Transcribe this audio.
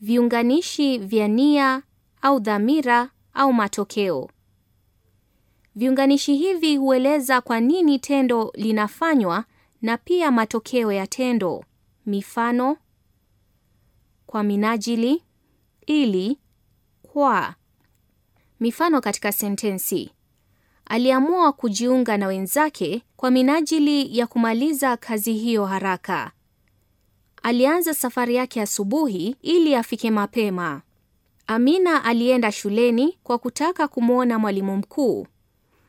Viunganishi vya nia au dhamira au matokeo. Viunganishi hivi hueleza kwa nini tendo linafanywa na pia matokeo ya tendo. Mifano: kwa minajili, ili, kwa. Mifano katika sentensi: aliamua kujiunga na wenzake kwa minajili ya kumaliza kazi hiyo haraka. Alianza safari yake asubuhi ili afike mapema. Amina alienda shuleni kwa kutaka kumwona mwalimu mkuu.